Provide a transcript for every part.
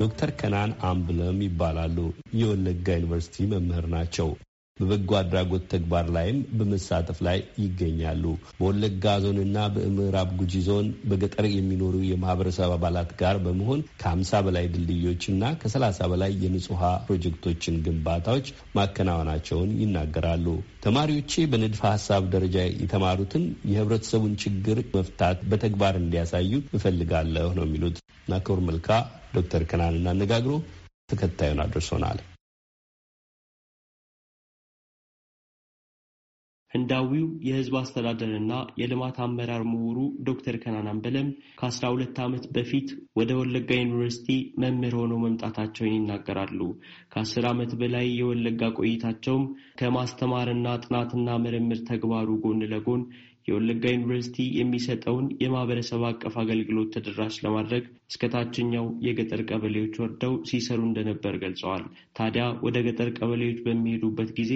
ዶክተር ከናን አምብለም ይባላሉ። የወለጋ ዩኒቨርሲቲ መምህር ናቸው። በበጎ አድራጎት ተግባር ላይም በመሳተፍ ላይ ይገኛሉ። በወለጋ ዞንና በምዕራብ ጉጂ ዞን በገጠር የሚኖሩ የማህበረሰብ አባላት ጋር በመሆን ከ ምሳ በላይ ድልድዮችና ከ30 በላይ የንጹህ ፕሮጀክቶችን ግንባታዎች ማከናወናቸውን ይናገራሉ። ተማሪዎቼ በንድፈ ሀሳብ ደረጃ የተማሩትን የህብረተሰቡን ችግር መፍታት በተግባር እንዲያሳዩ እፈልጋለሁ ነው የሚሉት ናኮር መልካ ዶክተር ከናንን አነጋግሮ ተከታዩን አድርሶናል። ህንዳዊው የህዝብ አስተዳደርና የልማት አመራር ምሁሩ ዶክተር ከናናን በለም ከአስራ ሁለት ዓመት በፊት ወደ ወለጋ ዩኒቨርሲቲ መምህር ሆነው መምጣታቸውን ይናገራሉ። ከአስር ዓመት በላይ የወለጋ ቆይታቸውም ከማስተማርና ጥናትና ምርምር ተግባሩ ጎን ለጎን የወለጋ ዩኒቨርሲቲ የሚሰጠውን የማህበረሰብ አቀፍ አገልግሎት ተደራሽ ለማድረግ እስከ ታችኛው የገጠር ቀበሌዎች ወርደው ሲሰሩ እንደነበር ገልጸዋል። ታዲያ ወደ ገጠር ቀበሌዎች በሚሄዱበት ጊዜ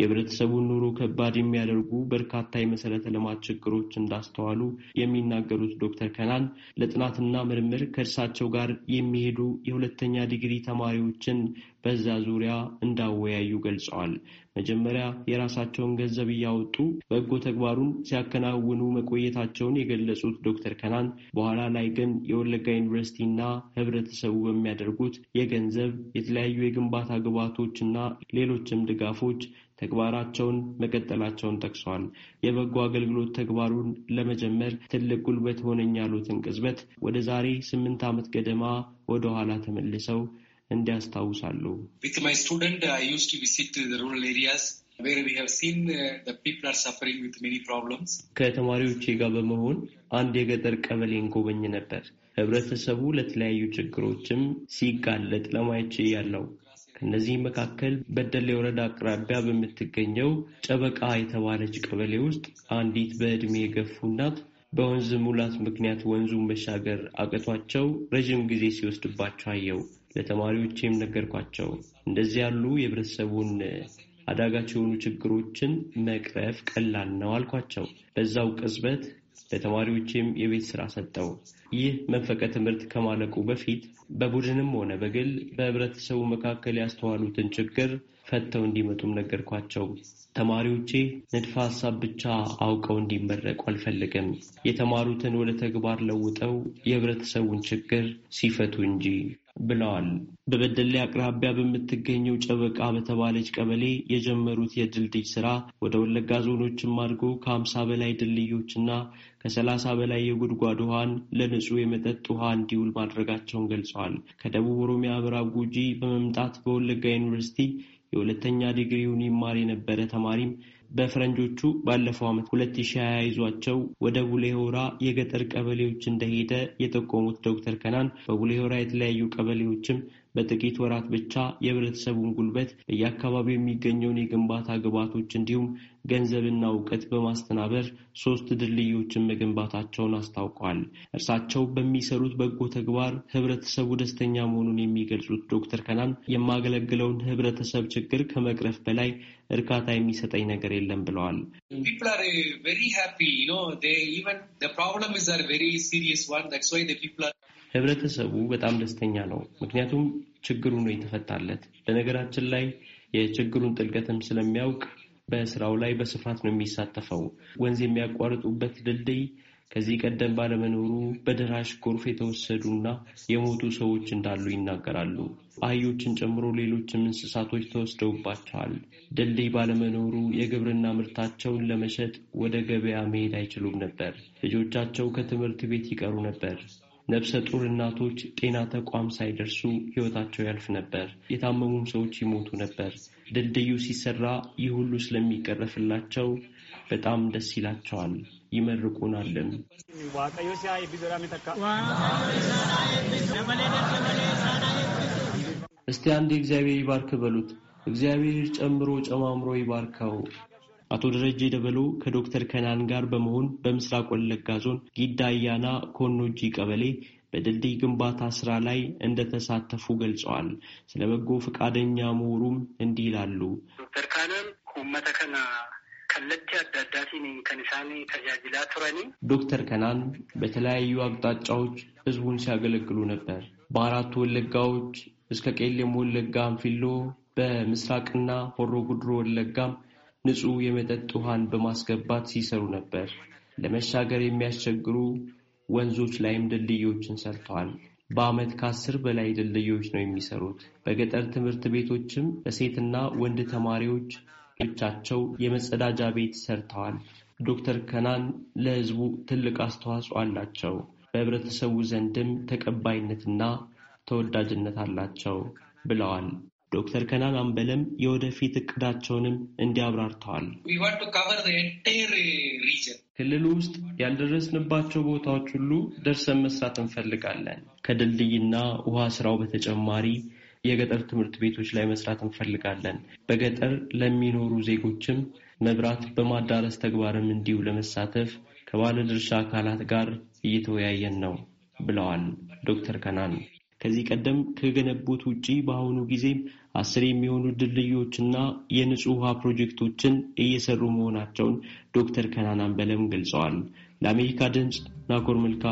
የህብረተሰቡን ኑሮ ከባድ የሚያደርጉ በርካታ የመሰረተ ልማት ችግሮች እንዳስተዋሉ የሚናገሩት ዶክተር ከናን ለጥናትና ምርምር ከእርሳቸው ጋር የሚሄዱ የሁለተኛ ዲግሪ ተማሪዎችን በዛ ዙሪያ እንዳወያዩ ገልጸዋል። መጀመሪያ የራሳቸውን ገንዘብ እያወጡ በጎ ተግባሩን ሲያከናውኑ መቆየታቸውን የገለጹት ዶክተር ከናን በኋላ ላይ ግን የወለጋ ዩኒቨርሲቲና ህብረተሰቡ በሚያደርጉት የገንዘብ የተለያዩ የግንባታ ግብዓቶች እና ሌሎችም ድጋፎች ተግባራቸውን መቀጠላቸውን ጠቅሰዋል። የበጎ አገልግሎት ተግባሩን ለመጀመር ትልቅ ጉልበት ሆነኝ ያሉትን ቅጽበት ወደ ዛሬ ስምንት ዓመት ገደማ ወደ ኋላ ተመልሰው እንዲያስታውሳሉ uh, uh, uh, ከተማሪዎቼ ጋር በመሆን አንድ የገጠር ቀበሌን ጎበኝ ነበር። ህብረተሰቡ ለተለያዩ ችግሮችም ሲጋለጥ ለማየት ያለው ከእነዚህ መካከል በደሌ ወረዳ አቅራቢያ በምትገኘው ጨበቃ የተባለች ቀበሌ ውስጥ አንዲት በዕድሜ የገፉ እናት በወንዝ ሙላት ምክንያት ወንዙን መሻገር አቅቷቸው ረዥም ጊዜ ሲወስድባቸው አየው። ለተማሪዎቼም ነገርኳቸው። እንደዚህ ያሉ የህብረተሰቡን አዳጋች የሆኑ ችግሮችን መቅረፍ ቀላል ነው አልኳቸው። በዛው ቅጽበት ለተማሪዎችም የቤት ስራ ሰጠው። ይህ መንፈቀ ትምህርት ከማለቁ በፊት በቡድንም ሆነ በግል በህብረተሰቡ መካከል ያስተዋሉትን ችግር ፈተው እንዲመጡም ነገርኳቸው። ተማሪዎቼ ንድፈ ሀሳብ ብቻ አውቀው እንዲመረቁ አልፈልግም፣ የተማሩትን ወደ ተግባር ለውጠው የህብረተሰቡን ችግር ሲፈቱ እንጂ ብለዋል። በበደሌ አቅራቢያ በምትገኘው ጨበቃ በተባለች ቀበሌ የጀመሩት የድልድይ ስራ ወደ ወለጋ ዞኖችም አድርጎ ከአምሳ በላይ ድልድዮችና ከሰላሳ በላይ የጉድጓድ ውሃን ለንጹህ የመጠጥ ውሃ እንዲውል ማድረጋቸውን ገልጸዋል። ከደቡብ ኦሮሚያ ምዕራብ ጉጂ በመምጣት በወለጋ ዩኒቨርሲቲ የሁለተኛ ዲግሪውን ይማር የነበረ ተማሪም በፈረንጆቹ ባለፈው ዓመት ሁለት ሀያ ይዟቸው ወደ ቡሌሆራ የገጠር ቀበሌዎች እንደሄደ የጠቆሙት ዶክተር ከናን በቡሌሆራ የተለያዩ ቀበሌዎችም በጥቂት ወራት ብቻ የህብረተሰቡን ጉልበት በየአካባቢው የሚገኘውን የግንባታ ግብዓቶች እንዲሁም ገንዘብና እውቀት በማስተናበር ሶስት ድልድዮችን መገንባታቸውን አስታውቀዋል። እርሳቸው በሚሰሩት በጎ ተግባር ህብረተሰቡ ደስተኛ መሆኑን የሚገልጹት ዶክተር ከናን የማገለግለውን ህብረተሰብ ችግር ከመቅረፍ በላይ እርካታ የሚሰጠኝ ነገር የለም ብለዋል። uh, ህብረተሰቡ በጣም ደስተኛ ነው። ምክንያቱም ችግሩ ነው የተፈታለት። በነገራችን ላይ የችግሩን ጥልቀትም ስለሚያውቅ በስራው ላይ በስፋት ነው የሚሳተፈው። ወንዝ የሚያቋርጡበት ድልድይ ከዚህ ቀደም ባለመኖሩ በደራሽ ጎርፍ የተወሰዱና የሞቱ ሰዎች እንዳሉ ይናገራሉ። አህዮችን ጨምሮ ሌሎችም እንስሳቶች ተወስደውባቸዋል። ድልድይ ባለመኖሩ የግብርና ምርታቸውን ለመሸጥ ወደ ገበያ መሄድ አይችሉም ነበር። ልጆቻቸው ከትምህርት ቤት ይቀሩ ነበር። ነፍሰ ጡር እናቶች ጤና ተቋም ሳይደርሱ ሕይወታቸው ያልፍ ነበር። የታመሙም ሰዎች ይሞቱ ነበር። ድልድዩ ሲሰራ ይህ ሁሉ ስለሚቀረፍላቸው በጣም ደስ ይላቸዋል፣ ይመርቁናልም። እስቲ አንድ እግዚአብሔር ይባርክ በሉት። እግዚአብሔር ጨምሮ ጨማምሮ ይባርከው። አቶ ደረጀ ደበሎ ከዶክተር ከናን ጋር በመሆን በምስራቅ ወለጋ ዞን ጊዳ አያና ኮኖጂ ቀበሌ በድልድይ ግንባታ ስራ ላይ እንደተሳተፉ ገልጸዋል። ስለ በጎ ፈቃደኛ ምሁሩም እንዲህ ይላሉ። ዶክተር ካናን ሁመተከና ከለጅ አዳዳሲን ከንሳኔ ተጃጅላ ቱረኒ ዶክተር ከናን በተለያዩ አቅጣጫዎች ህዝቡን ሲያገለግሉ ነበር። በአራቱ ወለጋዎች እስከ ቄሌም ወለጋ አንፊሎ፣ በምስራቅና ሆሮ ጉድሮ ወለጋም ንጹህ የመጠጥ ውሃን በማስገባት ሲሰሩ ነበር። ለመሻገር የሚያስቸግሩ ወንዞች ላይም ድልድዮችን ሰርተዋል። በዓመት ከአስር በላይ ድልድዮች ነው የሚሰሩት። በገጠር ትምህርት ቤቶችም ለሴትና ወንድ ተማሪዎች ቻቸው የመጸዳጃ ቤት ሰርተዋል። ዶክተር ከናን ለህዝቡ ትልቅ አስተዋጽኦ አላቸው። በህብረተሰቡ ዘንድም ተቀባይነትና ተወዳጅነት አላቸው ብለዋል። ዶክተር ከናን አምበለም የወደፊት እቅዳቸውንም እንዲያብራርተዋል። ክልሉ ውስጥ ያልደረስንባቸው ቦታዎች ሁሉ ደርሰን መስራት እንፈልጋለን። ከድልድይና ውሃ ስራው በተጨማሪ የገጠር ትምህርት ቤቶች ላይ መስራት እንፈልጋለን። በገጠር ለሚኖሩ ዜጎችም መብራት በማዳረስ ተግባርም እንዲሁ ለመሳተፍ ከባለድርሻ አካላት ጋር እየተወያየን ነው ብለዋል ዶክተር ከናን። ከዚህ ቀደም ከገነቡት ውጪ በአሁኑ ጊዜ አስር የሚሆኑ ድልድዮችና የንጹህ ውሃ ፕሮጀክቶችን እየሰሩ መሆናቸውን ዶክተር ከናናን በለም ገልጸዋል። ለአሜሪካ ድምፅ ናኮር መልካ